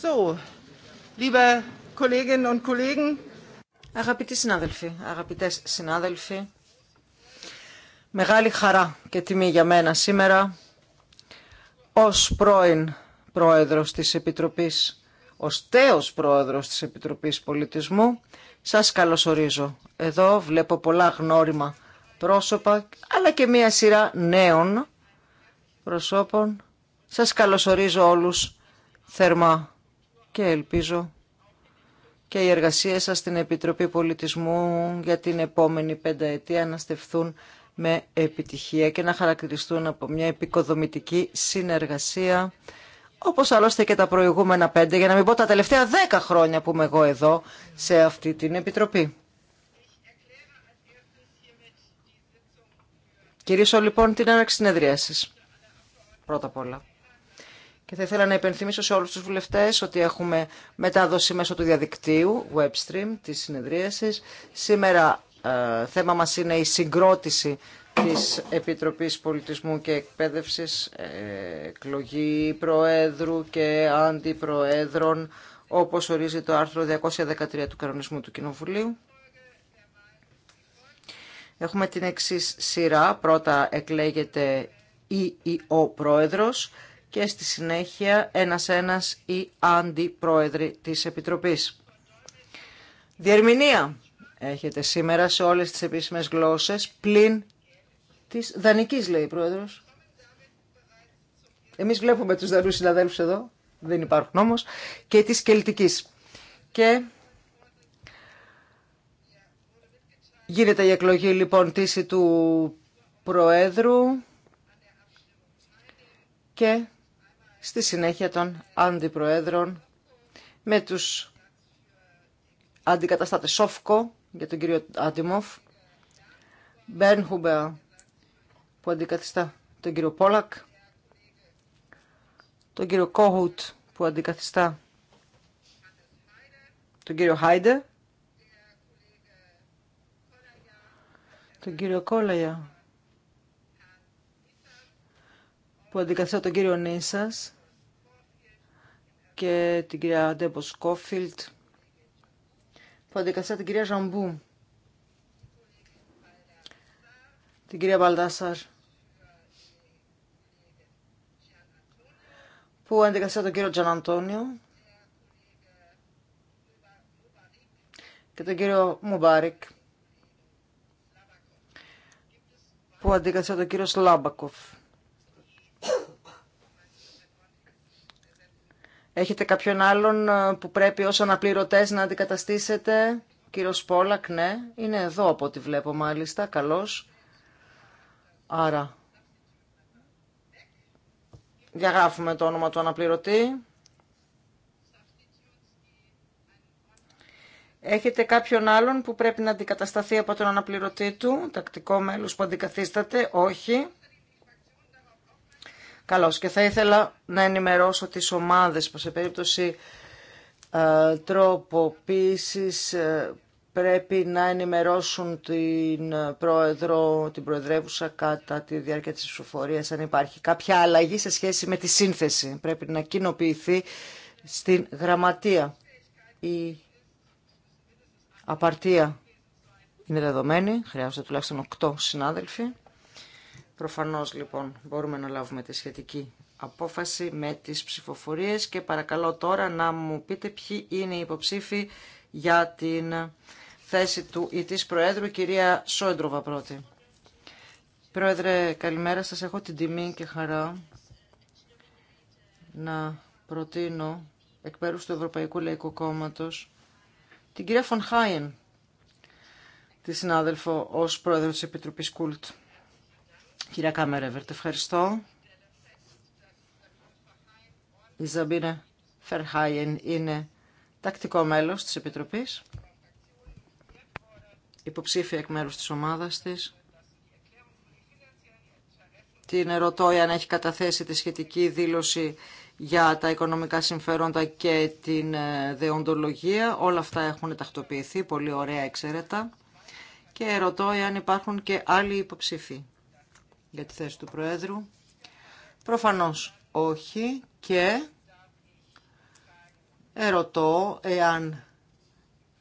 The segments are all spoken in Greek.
So, Αγαπητοί συνάδελφοι, αγαπητές συνάδελφοι, μεγάλη χαρά και τιμή για μένα σήμερα ως πρώην πρόεδρος της Επιτροπής, ως τέος πρόεδρος της Επιτροπής Πολιτισμού, σας καλωσορίζω. Εδώ βλέπω πολλά γνώριμα πρόσωπα, αλλά και μία σειρά νέων προσώπων. Σας καλωσορίζω όλους θερμά και ελπίζω και οι εργασίες σας στην Επιτροπή Πολιτισμού για την επόμενη πενταετία να στεφθούν με επιτυχία και να χαρακτηριστούν από μια επικοδομητική συνεργασία όπως άλλωστε και τα προηγούμενα πέντε, για να μην πω τα τελευταία δέκα χρόνια που είμαι εγώ εδώ σε αυτή την Επιτροπή. Κυρίσω λοιπόν την έναρξη συνεδρίασης. Πρώτα απ' όλα. Και θα ήθελα να υπενθυμίσω σε όλους τους βουλευτές ότι έχουμε μετάδοση μέσω του διαδικτύου, Webstream της συνεδρίασης. Σήμερα ε, θέμα μας είναι η συγκρότηση της Επιτροπής Πολιτισμού και Εκπαίδευσης, ε, εκλογή Προέδρου και Αντιπροέδρων, όπως ορίζει το άρθρο 213 του Κανονισμού του Κοινοβουλίου. Έχουμε την εξής σειρά. Πρώτα εκλέγεται ή ή ο Πρόεδρος και στη συνέχεια ένας-ένας οι αντιπρόεδροι της Επιτροπής. Διερμηνία έχετε σήμερα σε όλες τις επίσημες γλώσσες, πλην της δανικής λέει η πρόεδρος. Εμείς βλέπουμε τους δανούς συναδέλφους εδώ, δεν υπάρχουν όμως, και της κελτικής. Και γίνεται η εκλογή λοιπόν τύση του Προέδρου και στη συνέχεια των αντιπροέδρων με τους αντικαταστάτες Σόφκο για τον κύριο Άντιμοφ, Μπέρν Χουμπεα που αντικαθιστά τον κύριο Πόλακ, τον κύριο Κόχουτ που αντικαθιστά τον κύριο Χάιντε, τον κύριο Κόλαγια που αντικαθέτω τον κύριο Νίσας και την κυρία Ντέμπο Σκόφιλτ που αντικαθέτω την κυρία Ζαμπού την κυρία Μπαλτάσαρ που αντικαθέτω τον κύριο Τζαναντώνιο και τον κύριο Μουμπάρικ που αντικαθέτω τον κύριο Σλάμπακοφ. Έχετε κάποιον άλλον ε, που πρέπει ως αναπληρωτές να αντικαταστήσετε. Κύριο Πόλακ, ναι. Είναι εδώ από ό,τι βλέπω μάλιστα. Καλώς. Άρα, διαγράφουμε το όνομα του αναπληρωτή. Έχετε κάποιον άλλον που πρέπει να αντικατασταθεί από τον αναπληρωτή του, τακτικό μέλος που αντικαθίσταται, όχι. Καλώς. Και θα ήθελα να ενημερώσω τις ομάδες που σε περίπτωση ε, τροποποίησης ε, πρέπει να ενημερώσουν την ε, πρόεδρο, την προεδρεύουσα κατά τη διάρκεια της ψηφοφορίας αν υπάρχει κάποια αλλαγή σε σχέση με τη σύνθεση. Πρέπει να κοινοποιηθεί στην γραμματεία. Η απαρτία είναι δεδομένη, χρειάζονται τουλάχιστον 8 συνάδελφοι. Προφανώς λοιπόν μπορούμε να λάβουμε τη σχετική απόφαση με τις ψηφοφορίες και παρακαλώ τώρα να μου πείτε ποιοι είναι οι υποψήφοι για την θέση του ή της Προέδρου, κυρία Σόντροβα πρώτη. Πρόεδρε, καλημέρα σας. Έχω την τιμή και χαρά να προτείνω εκ μέρους του Ευρωπαϊκού Λαϊκού Κόμματος την κυρία Φων τη συνάδελφο ως πρόεδρο της Επιτροπής Κούλτ. Κυρία Κάμερεβερτ, ευχαριστώ. Η Ζαμπίνα Φερχάιεν είναι τακτικό μέλος της Επιτροπής, υποψήφια εκ μέρους της ομάδας της. Την ερωτώ αν έχει καταθέσει τη σχετική δήλωση για τα οικονομικά συμφέροντα και την ε, δεοντολογία. Όλα αυτά έχουν τακτοποιηθεί, πολύ ωραία εξαίρετα. Και ερωτώ αν υπάρχουν και άλλοι υποψήφοι για τη θέση του Προέδρου. Προφανώς όχι και ερωτώ εάν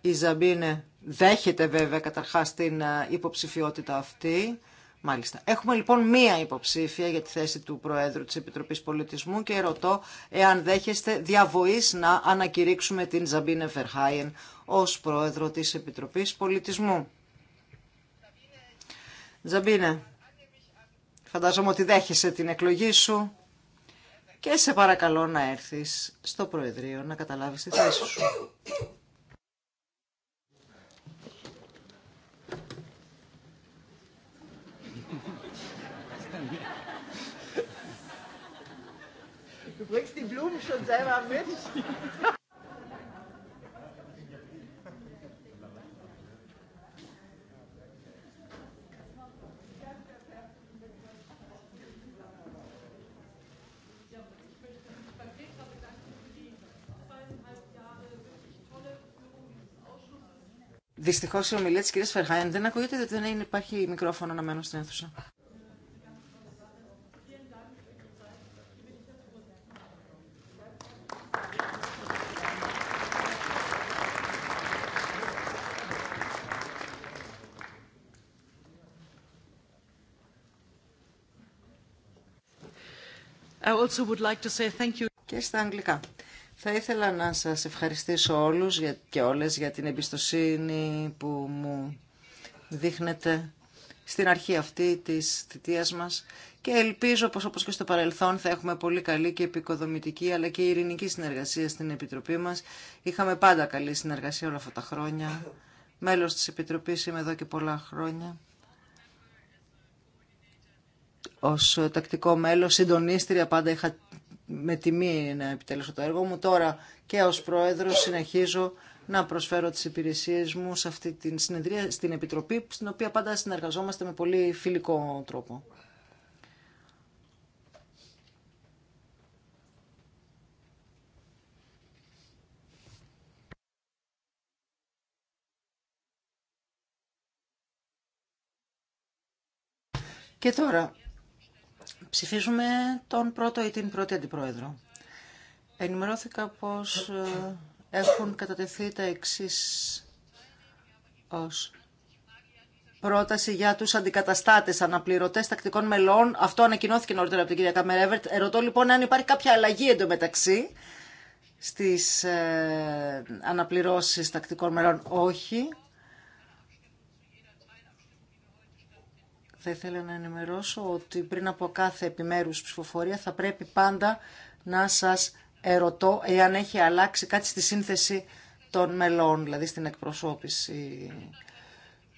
η Ζαμπίνε δέχεται βέβαια καταρχάς την ε, υποψηφιότητα αυτή. Μάλιστα. Έχουμε λοιπόν μία υποψήφια για τη θέση του Προέδρου της Επιτροπής Πολιτισμού και ερωτώ εάν δέχεστε διαβοής να ανακηρύξουμε την Ζαμπίνε Φερχάιεν ως Πρόεδρο της Επιτροπής Πολιτισμού. Ζαμπίνε, Φαντάζομαι ότι δέχεσαι την εκλογή σου και σε παρακαλώ να έρθεις στο Προεδρείο να καταλάβεις τη θέση σου. Du bringst die Blumen schon selber mit. Δυστυχώ η ομιλία τη κυρία Φερχάιν δεν ακούγεται, διότι δεν υπάρχει μικρόφωνο αναμένο στην αίθουσα. I also would like to say thank you. Και στα αγγλικά. Θα ήθελα να σας ευχαριστήσω όλους και όλες για την εμπιστοσύνη που μου δείχνετε στην αρχή αυτή της θητείας μας και ελπίζω πως όπως και στο παρελθόν θα έχουμε πολύ καλή και επικοδομητική αλλά και ειρηνική συνεργασία στην Επιτροπή μας. Είχαμε πάντα καλή συνεργασία όλα αυτά τα χρόνια. Μέλος της Επιτροπής είμαι εδώ και πολλά χρόνια. Ως τακτικό μέλος, συντονίστρια πάντα είχα με τιμή να επιτελέσω το έργο μου. Τώρα και ως Πρόεδρος συνεχίζω να προσφέρω τις υπηρεσίες μου σε αυτή την συνεδρία, στην Επιτροπή, στην οποία πάντα συνεργαζόμαστε με πολύ φιλικό τρόπο. Και τώρα, Ψηφίζουμε τον πρώτο ή την πρώτη αντιπρόεδρο. Ενημερώθηκα πως ε, έχουν κατατεθεί τα εξής ως πρόταση για του αντικαταστάτε, αναπληρωτέ τακτικών μελών. Αυτό ανακοινώθηκε νωρίτερα από την κυρία Καμερέβερτ. Ερωτώ λοιπόν αν υπάρχει κάποια αλλαγή εντωμεταξύ στι ε, αναπληρώσει τακτικών μελών. Όχι. θα ήθελα να ενημερώσω ότι πριν από κάθε επιμέρους ψηφοφορία θα πρέπει πάντα να σας ερωτώ εάν έχει αλλάξει κάτι στη σύνθεση των μελών, δηλαδή στην εκπροσώπηση.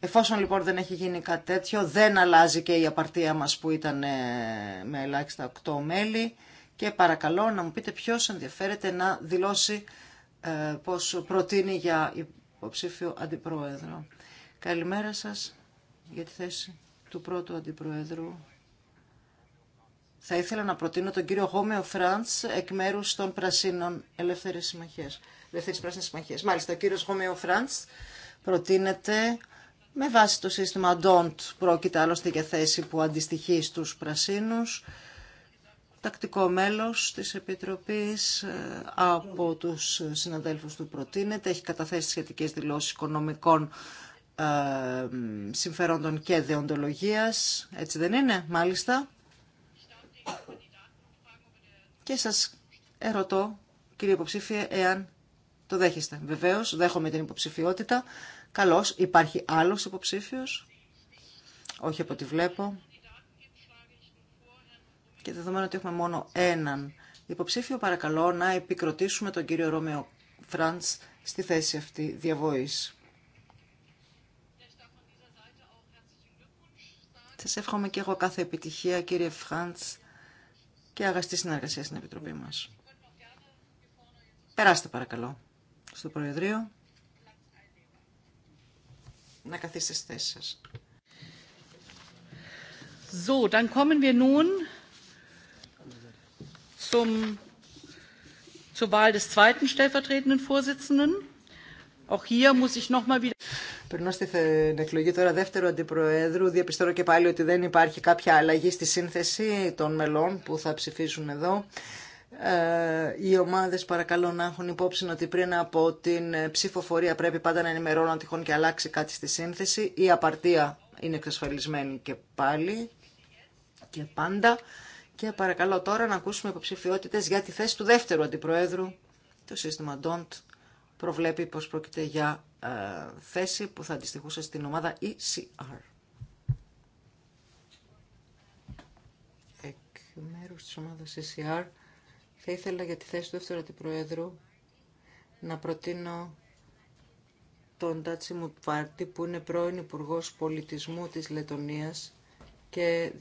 Εφόσον λοιπόν δεν έχει γίνει κάτι τέτοιο, δεν αλλάζει και η απαρτία μας που ήταν ε, με ελάχιστα 8 μέλη και παρακαλώ να μου πείτε ποιος ενδιαφέρεται να δηλώσει ε, πώς προτείνει για υποψήφιο αντιπρόεδρο. Καλημέρα σας για τη θέση του πρώτου αντιπροέδρου. Θα ήθελα να προτείνω τον κύριο Γόμεο Φραντς εκ μέρου των Πρασίνων Ελεύθερης Συμμαχίες. Ελεύθερης Πράσινης Συμμαχίας. Μάλιστα, ο κύριος Γόμεο Φραντς προτείνεται με βάση το σύστημα DONT. Πρόκειται άλλωστε για θέση που αντιστοιχεί στους Πρασίνους. Τακτικό μέλος της Επιτροπής ε, από τους συναδέλφους του προτείνεται. Έχει καταθέσει σχετικές δηλώσεις οικονομικών ε, συμφερόντων και δεοντολογίας. Έτσι δεν είναι, μάλιστα. Και σας ερωτώ, κύριε υποψήφιε, εάν το δέχεστε. Βεβαίως, δέχομαι την υποψηφιότητα. Καλώς, υπάρχει άλλος υποψήφιος. Όχι από ό,τι βλέπω. Και δεδομένου ότι έχουμε μόνο έναν υποψήφιο, παρακαλώ να επικροτήσουμε τον κύριο Ρώμεο Φραντς στη θέση αυτή διαβοής Σας εύχομαι και εγώ κάθε επιτυχία, κύριε Φραντς, και αγαστή συνεργασία στην Επιτροπή μας. Περάστε παρακαλώ στο Προεδρείο να καθίσετε στη θέση σας. So, dann kommen wir nun zum, zur Wahl des zweiten stellvertretenden Vorsitzenden. Auch hier muss ich noch mal wieder Περνώ στην εκλογή τώρα δεύτερου αντιπροέδρου. Διαπιστώρω και πάλι ότι δεν υπάρχει κάποια αλλαγή στη σύνθεση των μελών που θα ψηφίσουν εδώ. Ε, οι ομάδες παρακαλώ να έχουν υπόψη ότι πριν από την ε, ψηφοφορία πρέπει πάντα να ενημερώνουν αν τυχόν και αλλάξει κάτι στη σύνθεση. Η απαρτία είναι εξασφαλισμένη και πάλι και πάντα. Και παρακαλώ τώρα να ακούσουμε υποψηφιότητες για τη θέση του δεύτερου αντιπροέδρου. Το σύστημα DONT προβλέπει πως πρόκειται για ε, θέση που θα αντιστοιχούσε στην ομάδα ECR. Εκ μέρους της ομάδας ECR θα ήθελα για τη θέση του δεύτερου αντιπροέδρου να προτείνω τον Τάτσι Πάρτι που είναι πρώην υπουργό Πολιτισμού της Λετωνίας και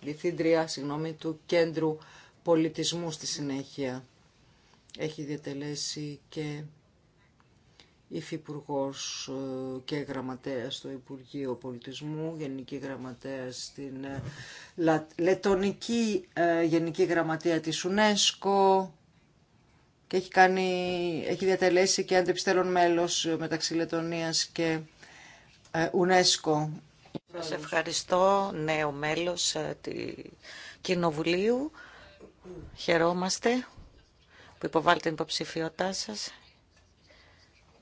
διευθύντρια συγγνώμη, του Κέντρου Πολιτισμού στη συνέχεια. Έχει διατελέσει και υφυπουργό ε, και γραμματέας στο Υπουργείο Πολιτισμού, γενική γραμματέα στην ε, Λετωνική ε, Γενική Γραμματεία της UNESCO και έχει, κάνει, έχει διατελέσει και αντεπιστέλων μέλος μεταξύ Λετωνίας και UNESCO. Σας ευχαριστώ, νέο μέλος του Κοινοβουλίου. Χαιρόμαστε που υποβάλλετε την υποψηφιότητά σας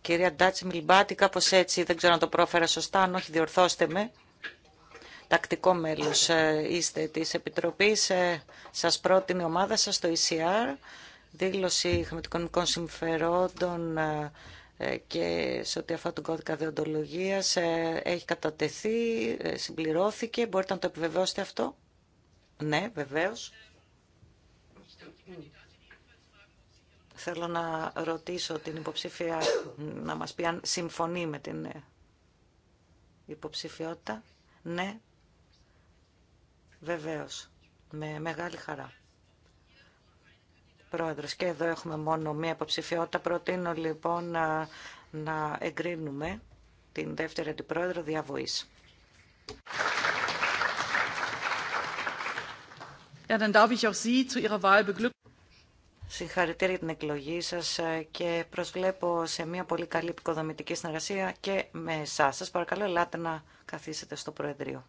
κυρία Ντάτσι Μιλμπάτη, κάπω έτσι, δεν ξέρω αν το πρόφερα σωστά, αν όχι διορθώστε με. Τακτικό μέλος ε, είστε της Επιτροπής, ε, σας πρότεινε η ομάδα σας στο ECR, δήλωση χρηματοοικονομικών συμφερόντων ε, και σε ό,τι αφορά τον κώδικα διοντολογίας έχει κατατεθεί, συμπληρώθηκε, μπορείτε να το επιβεβαιώσετε αυτό. Ναι, βεβαίως. Θέλω να ρωτήσω την υποψήφια να μας πει αν συμφωνεί με την υποψηφιότητα. Ναι, βεβαίως, με μεγάλη χαρά. Πρόεδρος, και εδώ έχουμε μόνο μία υποψηφιότητα. Προτείνω λοιπόν να, εγκρίνουμε την δεύτερη αντιπρόεδρο διαβοής. Ja, dann darf ich Συγχαρητήρια για την εκλογή σας ε, και προσβλέπω σε μια πολύ καλή επικοδομητική συνεργασία και με εσάς. Σας παρακαλώ, ελάτε να καθίσετε στο Προεδρείο.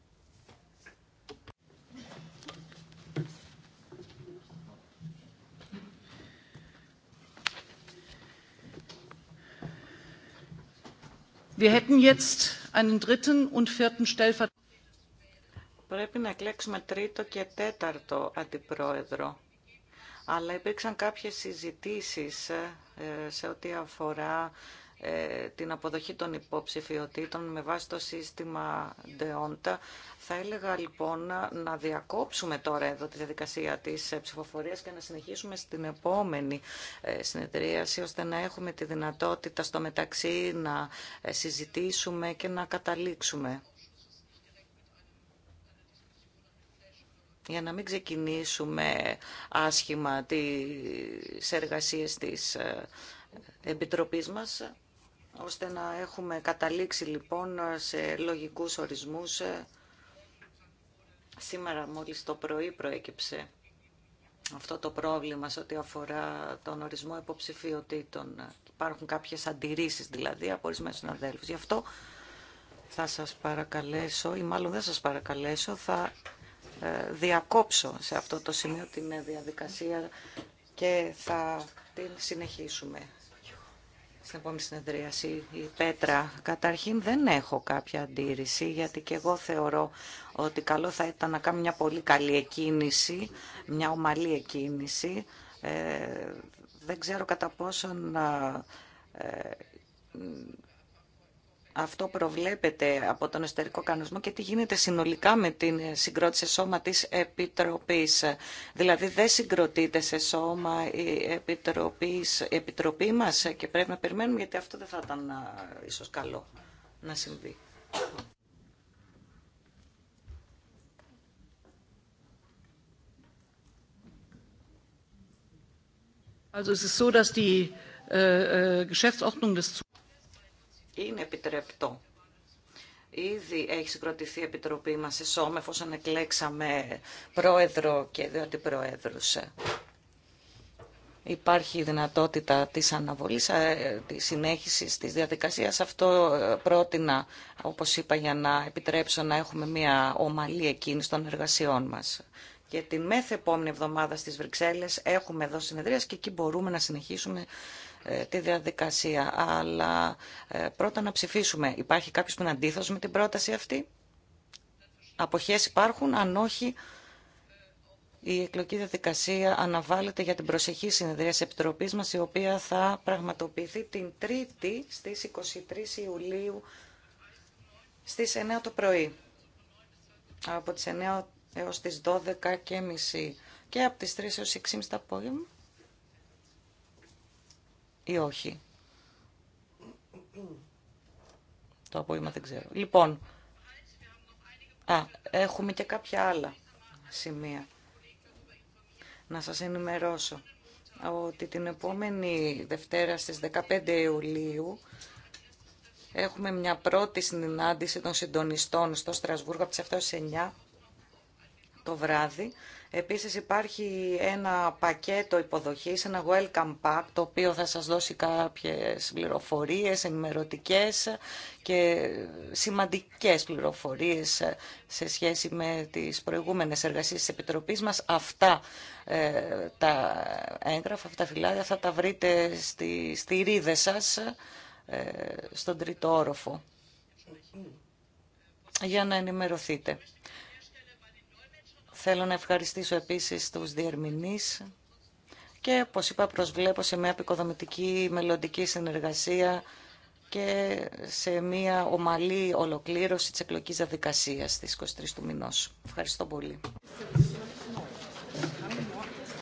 Wir hätten jetzt einen dritten und vierten Stellvertreter. Πρέπει να εκλέξουμε τρίτο και τέταρτο αντιπρόεδρο αλλά υπήρξαν κάποιες συζητήσεις ε, σε ό,τι αφορά ε, την αποδοχή των υποψηφιωτήτων με βάση το σύστημα ΔΕΟΝΤΑ. Θα έλεγα λοιπόν να διακόψουμε τώρα εδώ τη διαδικασία της ε, ψηφοφορίας και να συνεχίσουμε στην επόμενη συνεδρίαση ώστε να έχουμε τη δυνατότητα στο μεταξύ να συζητήσουμε και να καταλήξουμε. για να μην ξεκινήσουμε άσχημα τις εργασίες της ε, Επιτροπής μας, ώστε να έχουμε καταλήξει λοιπόν σε λογικούς ορισμούς. Σήμερα μόλις το πρωί προέκυψε αυτό το πρόβλημα σε ό,τι αφορά τον ορισμό υποψηφιωτήτων. Υπάρχουν κάποιες αντιρρήσεις δηλαδή από ορισμένους συναδέλφους. Γι' αυτό θα σας παρακαλέσω, ή μάλλον δεν σας παρακαλέσω, θα ε, διακόψω σε αυτό το σημείο την διαδικασία και θα την συνεχίσουμε στην επόμενη συνεδρίαση. Η Πέτρα, καταρχήν δεν έχω κάποια αντίρρηση, γιατί και εγώ θεωρώ ότι καλό θα ήταν να κάνω μια πολύ καλή εκκίνηση, μια ομαλή εκκίνηση. Ε, δεν ξέρω κατά πόσον ε, αυτό προβλέπεται από τον εσωτερικό κανονισμό και τι γίνεται συνολικά με την συγκρότηση σώμα της Επιτροπής. Δηλαδή δεν συγκροτείται σε σώμα η Επιτροπή μας και πρέπει να περιμένουμε γιατί αυτό δεν θα ήταν ίσως καλό να συμβεί. Also es ist so, dass die äh, äh Geschäftsordnung des είναι επιτρεπτό. Ήδη έχει συγκροτηθεί η Επιτροπή μας σε σώμα, εφόσον εκλέξαμε πρόεδρο και δύο πρόεδρους. Υπάρχει δυνατότητα της αναβολής, ε, της συνέχισης της διαδικασίας. Αυτό ε, πρότεινα, όπως είπα, για να επιτρέψω να έχουμε μια ομαλή εκείνη των εργασιών μας. Και την μέθε επόμενη εβδομάδα στις Βρυξέλλες έχουμε εδώ συνεδρίες και εκεί μπορούμε να συνεχίσουμε ε, τη διαδικασία. Αλλά ε, πρώτα να ψηφίσουμε. Υπάρχει κάποιος που είναι αντίθετος με την πρόταση αυτή. Αποχές υπάρχουν, αν όχι... Η εκλογική διαδικασία αναβάλλεται για την προσεχή συνεδρία της Επιτροπής μας, η οποία θα πραγματοποιηθεί την Τρίτη στις 23 Ιουλίου στις 9 το πρωί. Από τις 9 έως τις 12 και μισή και από τις 3 έως 6.30 το απόγευμα ή όχι. Το απόγευμα δεν ξέρω. Λοιπόν, α, έχουμε και κάποια άλλα σημεία. Να σας ενημερώσω ότι την επόμενη Δευτέρα στις 15 Ιουλίου έχουμε μια πρώτη συνάντηση των συντονιστών στο Στρασβούργο από τις 7 9 το βράδυ. Επίσης υπάρχει ένα πακέτο υποδοχής, ένα welcome pack, το οποίο θα σας δώσει κάποιες πληροφορίες ενημερωτικές και σημαντικές πληροφορίες σε σχέση με τις προηγούμενες εργασίες της Επιτροπής μας. Αυτά ε, τα έγγραφα, αυτά τα φυλάδια θα τα βρείτε στη, στη ρίδα σας, ε, στον τρίτο όροφο, για να ενημερωθείτε. Θέλω να ευχαριστήσω επίσης τους διερμηνείς και, όπως είπα, προσβλέπω σε μια επικοδομητική μελλοντική συνεργασία και σε μια ομαλή ολοκλήρωση της εκλογικής διαδικασίας της 23 του μηνός. Ευχαριστώ πολύ.